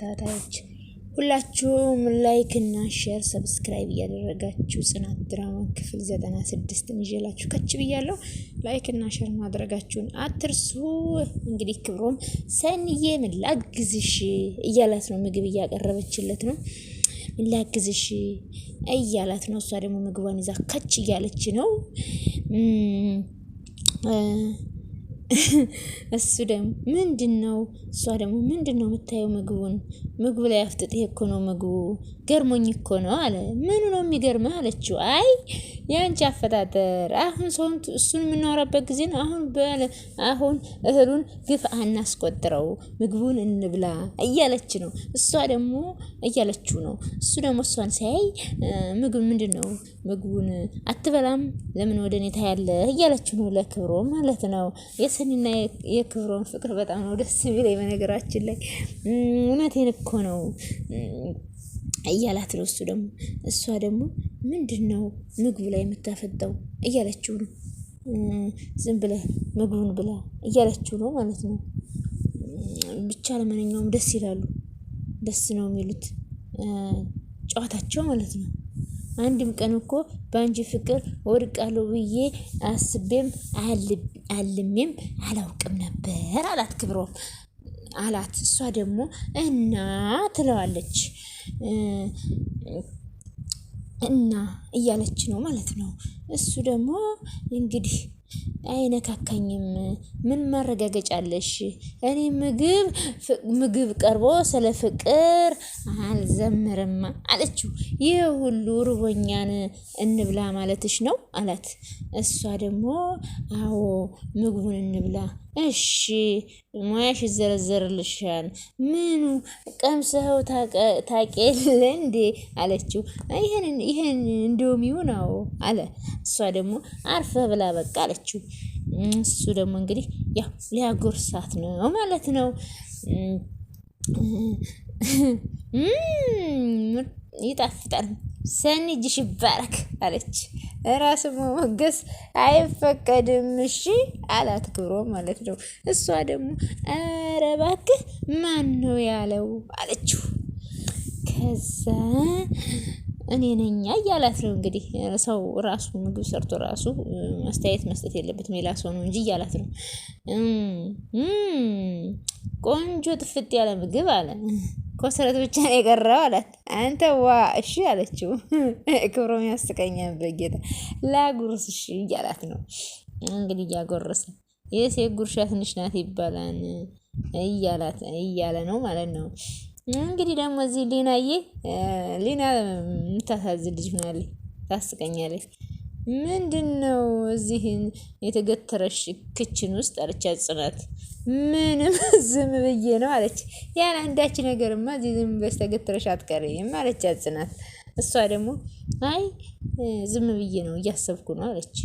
ተከታታዮች ሁላችሁም ላይክ እና ሼር ሰብስክራይብ እያደረጋችሁ ጽናት ድራማ ክፍል ዘጠና ስድስት ይዤላችሁ ከች ብያለሁ። ላይክ እና ሼር ማድረጋችሁን አትርሱ። እንግዲህ ክብሮም ሰንዬ ምን ላግዝሽ እያላት ነው። ምግብ እያቀረበችለት ነው። ምን ላግዝሽ እያላት ነው። እሷ ደግሞ ምግቧን ይዛ ከች እያለች ነው። እሱ ደግሞ ምንድን ነው? እሷ ደግሞ ምንድን ነው የምታየው? ምግቡን ምግቡ ላይ አፍጥጤህ እኮ ነው ምግቡ ገርሞኝ እኮ ነው አለ። ምኑ ነው የሚገርመ አለችው። አይ የአንቺ አፈጣጠር። አሁን ሰውን እሱን የምናወራበት ጊዜ ነው አሁን በለ አሁን እህሉን ግፍ አናስቆጥረው፣ ምግቡን እንብላ እያለች ነው እሷ ደግሞ እያለችው ነው። እሱ ደግሞ እሷን ሲያይ ምግብ ምንድን ነው ምግቡን አትበላም? ለምን ወደ እኔ ታያለህ? እያለችው ነው ለክብሮ ማለት ነው የሰኒና የክብሮን ፍቅር በጣም ነው ደስ የሚለኝ። በነገራችን ላይ እውነቴን እኮ ነው እያላት ነው። እሱ ደግሞ እሷ ደግሞ ምንድን ነው ምግቡ ላይ የምታፈጠው እያለችው ነው። ዝም ብለ ምግቡን ብላ እያለችው ነው ማለት ነው። ብቻ ለማንኛውም ደስ ይላሉ። ደስ ነው የሚሉት ጨዋታቸው ማለት ነው። አንድም ቀን እኮ በአንቺ ፍቅር ወድቃለሁ ብዬ አስቤም አልሜም አላውቅም ነበር አላት። ክብሮም አላት። እሷ ደግሞ እና ትለዋለች እና እያለች ነው ማለት ነው። እሱ ደግሞ እንግዲህ አይነካካኝም። ምን ማረጋገጫ አለሽ? እኔ ምግብ ምግብ ቀርቦ ስለ ፍቅር አልዘምርም አለችው። ይህ ሁሉ ርቦኛን እንብላ ማለትሽ ነው አላት። እሷ ደግሞ አዎ ምግቡን እንብላ እሺ ሙያሽ ይዘረዘርልሻል። ምኑ ቀምሰኸው ታቄል እንዴ አለችው። ይህን እንደውም ይሁን አዎ አለ። እሷ ደግሞ አርፈ ብላ በቃ አለችው። እሱ ደግሞ እንግዲህ ያ ሊያጎርሳት ነው ማለት ነው። ይጣፍጣል ሰኒ እጅሽ ይባረክ አለች። ራስ መሞገስ አይፈቀድም እሺ አላት ክብሮ ማለት ነው። እሷ ደግሞ ኧረ እባክህ ማን ነው ያለው አለችው። ከዛ እኔ ነኛ እያላት ነው እንግዲህ። ሰው ራሱ ምግብ ሰርቶ ራሱ አስተያየት መስጠት የለበትም ሌላ ሰው ነው እንጂ እያላት ነው። ቆንጆ ጥፍጥ ያለ ምግብ አለ ኮሰረት ብቻ ነው የቀረው አላት። አንተ ዋ እሺ አለችው። ክብሮም ያስቀኛል በጌታ ላጉርስ እሺ እያላት ነው እንግዲህ እያጎረሰ የሴት ጉርሻ ትንሽ ናት ይባላል እያላት እያለ ነው ማለት ነው። እንግዲህ ደግሞ እዚህ ሊናዬ ሊና የምታሳዝን ልጅ ሆናለች፣ ታስቀኛለች። ምንድን ነው እዚህ የተገተረሽ ክችን ውስጥ አለቻት ጽናት። ምንም ዝም ብዬ ነው አለች። ያን አንዳች ነገርማ እዚህ ዝም ብለሽ ተገተረሽ አትቀሪም አለቻት ጽናት። እሷ ደግሞ አይ ዝም ብዬ ነው እያሰብኩ ነው አለች።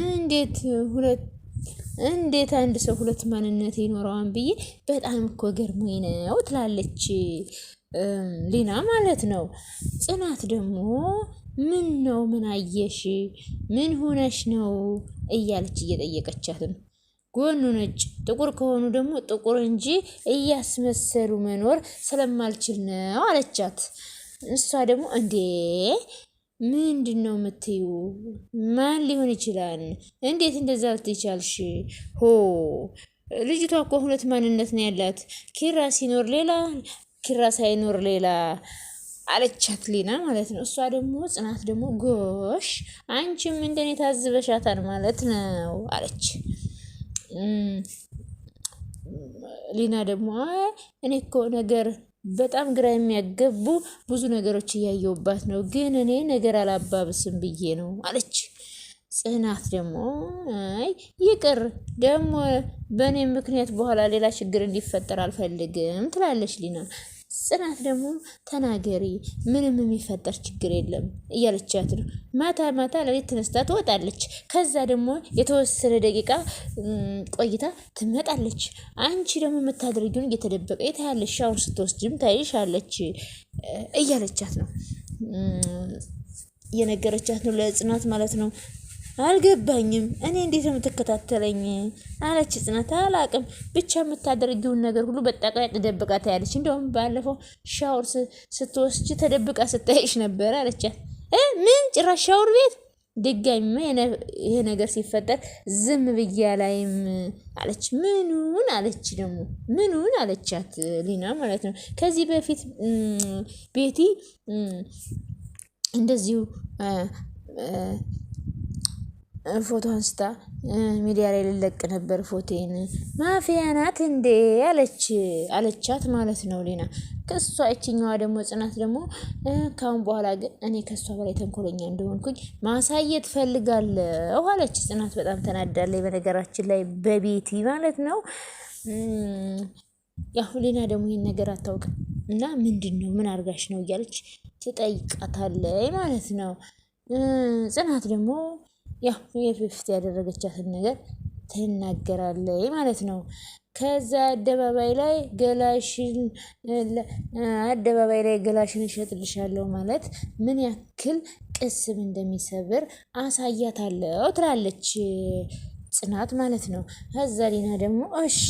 እንዴት ሁለት እንዴት አንድ ሰው ሁለት ማንነት ይኖረዋን ብዬ በጣም እኮ ገርሞኝ ነው ትላለች ሊና ማለት ነው። ጽናት ደግሞ ምን ነው ምን አየሽ ምን ሆነሽ ነው እያለች እየጠየቀቻት ጎኑ ነጭ ጥቁር ከሆኑ ደግሞ ጥቁር እንጂ እያስመሰሉ መኖር ስለማልችል ነው አለቻት። እሷ ደግሞ እንዴ ምንድን ነው የምትዩ? ማን ሊሆን ይችላል? እንዴት እንደዛ ልትቻልሽ? ሆ ልጅቷ እኮ ሁለት ማንነት ነው ያላት፣ ኪራ ሲኖር ሌላ፣ ኪራ ሳይኖር ሌላ አለቻት ሊና ማለት ነው። እሷ ደግሞ ጽናት ደግሞ ጎሽ አንቺም እንደኔ ታዝበሻታል ማለት ነው አለች። ሊና ደግሞ እኔ እኮ ነገር በጣም ግራ የሚያገቡ ብዙ ነገሮች እያየውባት ነው፣ ግን እኔ ነገር አላባብስም ብዬ ነው አለች። ጽናት ደግሞ አይ ይቅር ደግሞ በእኔ ምክንያት በኋላ ሌላ ችግር እንዲፈጠር አልፈልግም ትላለች ሊና ጽናት ደግሞ ተናገሪ፣ ምንም የሚፈጠር ችግር የለም እያለቻት ነው። ማታ ማታ ለሌት ተነስታ ትወጣለች። ከዛ ደግሞ የተወሰነ ደቂቃ ቆይታ ትመጣለች። አንቺ ደግሞ የምታደርጊውን እየተደበቀ የታያለሽ፣ ሻውን ስትወስድም ታይሻለች እያለቻት ነው የነገረቻት ነው ለጽናት ማለት ነው። አልገባኝም። እኔ እንዴት ነው የምትከታተለኝ? አለች ጽናት። አላቅም ብቻ የምታደርጊውን ነገር ሁሉ በጠቃ ተደብቃ ታያለች። እንደውም ባለፈው ሻወር ስትወስች ተደብቃ ስታይሽ ነበር አለቻት። ምን ጭራሽ ሻወር ቤት ድጋሚ ይሄ ነገር ሲፈጠር ዝም ብያ ላይም አለች። ምኑን አለች ደግሞ ምኑን አለቻት ሊና ማለት ነው። ከዚህ በፊት ቤቲ እንደዚሁ ፎቶ አንስታ ሚዲያ ላይ ልለቅ ነበር ፎቴን ማፊያ ናት እንዴ አለች አለቻት ማለት ነው ሌና ከእሷ እችኛዋ ደግሞ ጽናት ደግሞ ካሁን በኋላ ግን እኔ ከሷ በላይ ተንኮለኛ እንደሆንኩኝ ማሳየት ፈልጋለሁ አለች ጽናት። በጣም ተናዳለች በነገራችን ላይ በቤቲ ማለት ነው። ያሁ ሌና ደግሞ ይህን ነገር አታውቅም እና ምንድን ነው ምን አድርጋሽ ነው እያለች ትጠይቃታለች ማለት ነው ጽናት ደግሞ ያው የፊፍት ያደረገቻትን ነገር ትናገራለች ማለት ነው። ከዛ አደባባይ ላይ ገላሽን አደባባይ ላይ ገላሽን እሸጥልሻለሁ ማለት ምን ያክል ቅስም እንደሚሰብር አሳያታለሁ ትላለች ጽናት ማለት ነው። ከዛ ሌና ደግሞ እሺ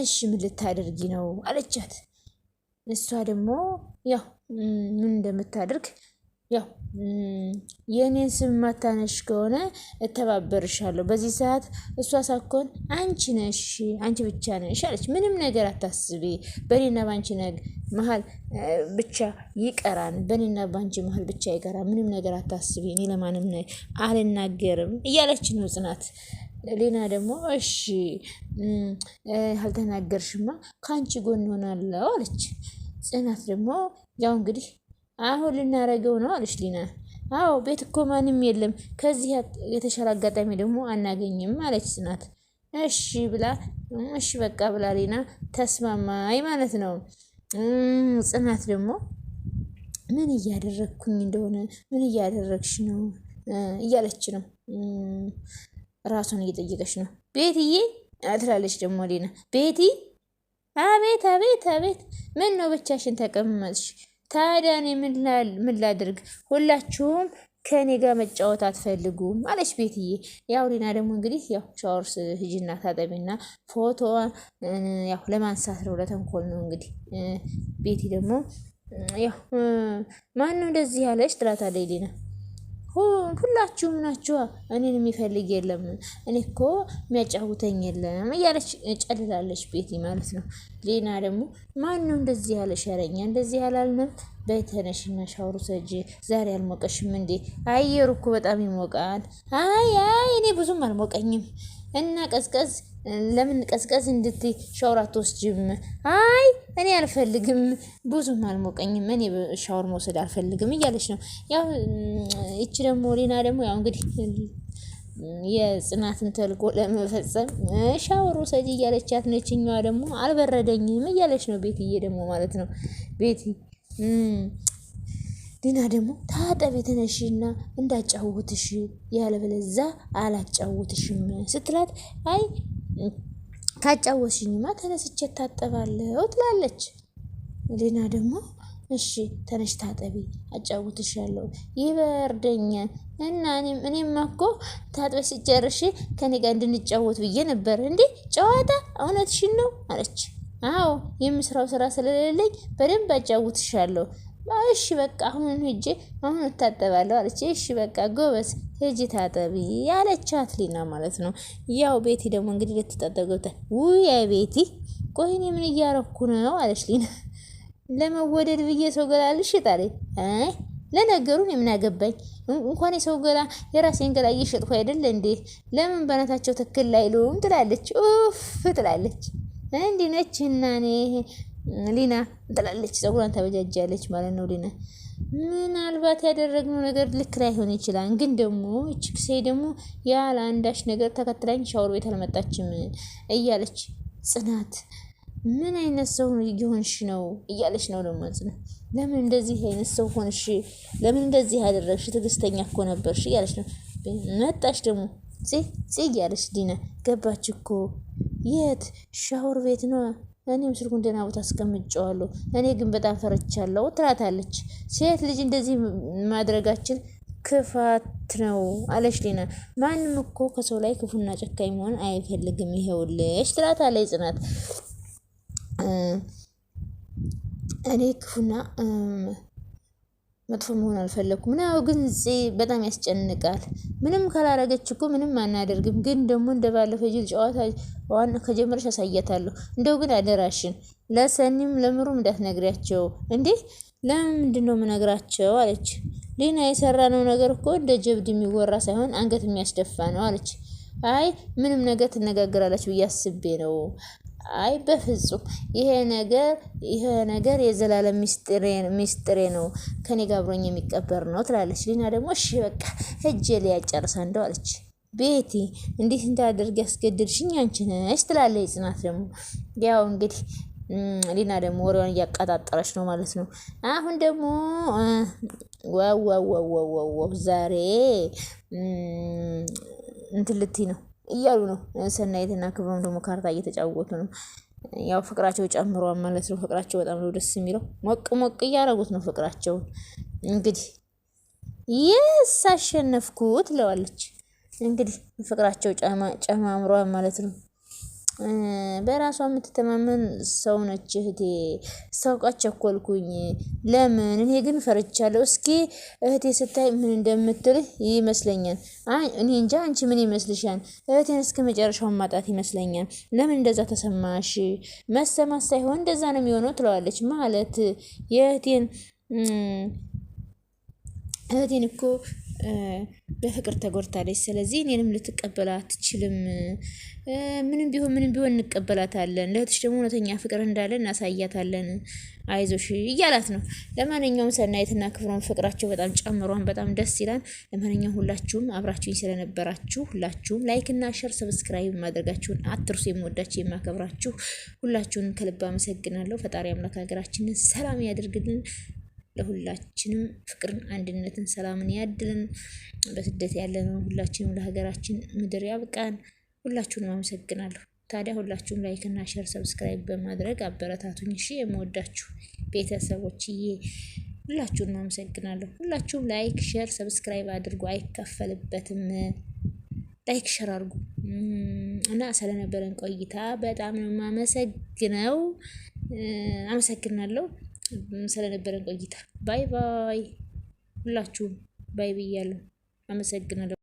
እሺ ምን ልታደርጊ ነው አለቻት። እሷ ደግሞ ያው ምን እንደምታደርግ ያው የእኔን ስም ማታነሽ ከሆነ እተባበርሻለሁ። በዚህ ሰዓት እሷ ሳኮን አንቺ ነሽ፣ አንቺ ብቻ ነሽ አለች። ምንም ነገር አታስቢ፣ በእኔና ባንቺ መሀል ብቻ ይቀራን፣ በእኔና ባንቺ መሀል ብቻ ይቀራ። ምንም ነገር አታስቢ፣ እኔ ለማንም አልናገርም እያለች ነው ጽናት። ሌና ደግሞ እሺ አልተናገርሽማ፣ ከአንቺ ጎን ሆናለው አለች። ጽናት ደግሞ ያው እንግዲህ አሁን ልናረገው ነው አለች ሊና። አዎ ቤት እኮ ማንም የለም፣ ከዚህ የተሻለ አጋጣሚ ደግሞ አናገኝም አለች ጽናት። እሺ ብላ እሺ በቃ ብላ ሊና ተስማማይ ማለት ነው። ጽናት ደግሞ ምን እያደረግኩኝ እንደሆነ ምን እያደረግሽ ነው እያለች ነው ራሷን እየጠየቀች ነው። ቤትዬ ትላለች ደግሞ ሊና። ቤቲ አቤት አቤት አቤት፣ ምን ነው ብቻሽን ተቀመጥሽ? ታዲያ እኔ ምን ላድርግ? ሁላችሁም ከእኔ ጋር መጫወት አትፈልጉም አለች ቤትዬ። ያው ሊና ደግሞ እንግዲህ ያው ሻወር ሂጂና ታጠቢና ፎቶ ያው ለማንሳት ነው ለተንኮል ነው እንግዲህ። ቤቲ ደግሞ ያው ማን እንደዚህ ያለች ትላታለች ሊና ሁላችሁም ናችኋ። እኔን የሚፈልግ የለም፣ እኔ እኮ የሚያጫውተኝ የለም እያለች ጨልላለች ቤቲ ማለት ነው። ሌና ደግሞ ማን ነው እንደዚህ ያለ ሸረኛ? እንደዚህ ያላልንም በተነሽና ሻወር ውሰጂ። ዛሬ አልሞቀሽም እንዴ? አየሩ እኮ በጣም ይሞቃል። አይ አይ እኔ ብዙም አልሞቀኝም እና ቀዝቀዝ ለምን ቀዝቀዝ እንድት ሻወር አትወስጂም? አይ እኔ አልፈልግም፣ ብዙም አልሞቀኝም፣ እኔ ሻወር መውሰድ አልፈልግም እያለች ነው። ያው ይቺ ደግሞ ሌና ደግሞ ያው እንግዲህ የጽናትን ተልጎ ለመፈጸም ሻወር ውሰጂ እያለቻት ነችኛዋ ደግሞ አልበረደኝም እያለች ነው። ቤትዬ ደግሞ ማለት ነው ቤት ዲና ደግሞ ታጠቢ ተነሺና እንዳጫውትሽ ያለበለዛ አላጫውትሽም ስትላት አይ ካጫወትሽኝማ ተነስቼ ታጠባለሁ ትላለች። ዲና ደግሞ እሺ ተነሽ ታጠቢ ያለው ይበርደኛ እና እኔማ እኮ ታጥበሽ ስጨርሽ ከኔ ጋር እንድንጫወት ብዬ ነበር። እንዴ ጨዋታ እውነትሽን ነው አለች። አዎ የምስራው ስራ ስለሌለኝ በደንብ አጫውትሻለሁ እሺ በቃ አሁን ሂጅ፣ አሁን እታጠባለሁ አለች። እሺ በቃ ጎበዝ ሂጅ ታጠቢ ያለቻት ሊና ማለት ነው። ያው ቤቲ ደግሞ እንግዲህ ልትታጠብ ገብታ፣ ውይ ቤቲ ቆይ እኔ ምን እያረኩ ነው አለች ሊና። ለመወደድ ብዬ ሰው ገላ ልሽጥ አለ። ለነገሩ ምን አገባኝ እንኳን የሰው ገላ የራሴን ገላ እየሸጥኩ አይደል እንዴ? ለምን በእናታቸው ትክክል አይሉም ትላለች። ኡፍ ትላለች። እንዲህ ነችና እኔ ሊና እንጥላለች፣ ፀጉሯን ታበጃጃለች ማለት ነው። ሊና ምናልባት ያደረግነው ነገር ልክ ላይሆን ይችላል። ግን ደግሞ እች ክሴ ደግሞ ያለ አንዳች ነገር ተከትላኝ ሻወር ቤት አልመጣችም እያለች ጽናት ምን አይነት ሰው እየሆንሽ ነው እያለች ነው ደግሞ ጽናት ለምን እንደዚህ አይነት ሰው ሆንሽ? ለምን እንደዚህ ያደረግሽ? ትዕግስተኛ እኮ ነበርሽ እያለች ነው። መጣሽ ደግሞ ጽ እያለች ሊና ገባች እኮ የት ሻወር ቤት ነው እኔም ስልኩን ደህና ቦታ አስቀምጨዋለሁ። እኔ ግን በጣም ፈርቻለሁ ትላታለች። ሴት ልጅ እንደዚህ ማድረጋችን ክፋት ነው አለች ሊና። ማንም እኮ ከሰው ላይ ክፉና ጨካኝ መሆን አይፈልግም። ይሄውልሽ ትላታለች ጽናት። እኔ ክፉና መጥፎ መሆን አልፈለግኩም። ምን ግን ፄ በጣም ያስጨንቃል። ምንም ካላረገች እኮ ምንም አናደርግም። ግን ደግሞ እንደባለፈው ጅል ጨዋታ ዋና ከጀመረች ያሳያታለሁ። እንደው ግን አደራሽን ለሰኒም ለምሩም እንዳትነግሪያቸው። እንዴ ለምንድን ነው የምነግራቸው? አለች ሊና። ነው ነገር እኮ እንደ ጀብድ የሚወራ ሳይሆን አንገት የሚያስደፋ ነው አለች። አይ ምንም ነገር ትነጋገራላችሁ ብዬ አስቤ ነው አይ በፍጹም ይሄ ነገር ይሄ ነገር የዘላለም ሚስጥሬ ሚስጥሬ ነው ከኔ ጋር አብሮኝ የሚቀበር ነው ትላለች። ሊና ደግሞ እሺ በቃ ሂጅ ሊያጨርሳ እንደው አለች። ቤቲ እንዴት እንዳደርግ ያስገድድሽኝ አንቺ ነሽ ትላለች ጽናት ደግሞ ያው እንግዲህ ሊና ደግሞ ወሬዋን እያቀጣጠረች ነው ማለት ነው። አሁን ደግሞ ዋዋዋዋዋዋው ዛሬ እንትልቲ ነው እያሉ ነው። ሰናይትና ክብሮም ደግሞ ካርታ እየተጫወቱ ነው። ያው ፍቅራቸው ጨምሯል ማለት ነው። ፍቅራቸው በጣም ነው ደስ የሚለው። ሞቅ ሞቅ እያደረጉት ነው ፍቅራቸውን። እንግዲህ የስ አሸነፍኩት እንግዲህ ፍቅራቸው ጨማምሯል ማለት ነው። በራሷ የምትተማመን ሰው ነች እህቴ። ሳውቃ ቸኮልኩኝ። ለምን እኔ ግን ፈርቻለሁ። እስኪ እህቴ ስታይ ምን እንደምትል ይመስለኛል። እኔ እንጃ። አንቺ ምን ይመስልሻል? እህቴን እስከ መጨረሻውን ማጣት ይመስለኛል። ለምን እንደዛ ተሰማሽ? መሰማት ሳይሆን እንደዛ ነው የሚሆነው ትለዋለች። ማለት የእህቴን እህቴን እኮ በፍቅር ተጎድታለች። ስለዚህ እኔንም ልትቀበላ አትችልም። ምንም ቢሆን ምንም ቢሆን እንቀበላታለን። ለእህትሽ ደግሞ እውነተኛ ፍቅር እንዳለ እናሳያታለን። አይዞሽ እያላት ነው። ለማንኛውም ሰናይትና ክብሮም ፍቅራቸው በጣም ጨምሯን፣ በጣም ደስ ይላል። ለማንኛውም ሁላችሁም አብራችሁኝ ስለነበራችሁ ሁላችሁም ላይክና ሸር፣ ሰብስክራይብ ማድረጋችሁን አትርሱ። የምወዳችሁ የማከብራችሁ ሁላችሁን ከልብ አመሰግናለሁ። ፈጣሪ አምላክ ሀገራችንን ሰላም ያደርግልን። ለሁላችንም ፍቅርን፣ አንድነትን፣ ሰላምን ያድልን። በስደት ያለን ሁላችንም ለሀገራችን ምድር ያብቃን። ሁላችሁንም አመሰግናለሁ። ታዲያ ሁላችሁም ላይክና ሸር ሰብስክራይብ በማድረግ አበረታቱኝ። እሺ የምወዳችሁ ቤተሰቦችዬ ሁላችሁንም አመሰግናለሁ። ሁላችሁም ላይክ ሸር ሰብስክራይብ አድርጉ፣ አይከፈልበትም። ላይክ ሸር አድርጉ እና ስለነበረን ቆይታ በጣም ነው የማመሰግነው። አመሰግናለሁ። ስለነበረን ቆይታ ባይ ባይ። ሁላችሁም ባይ ብያለሁ። አመሰግናለሁ።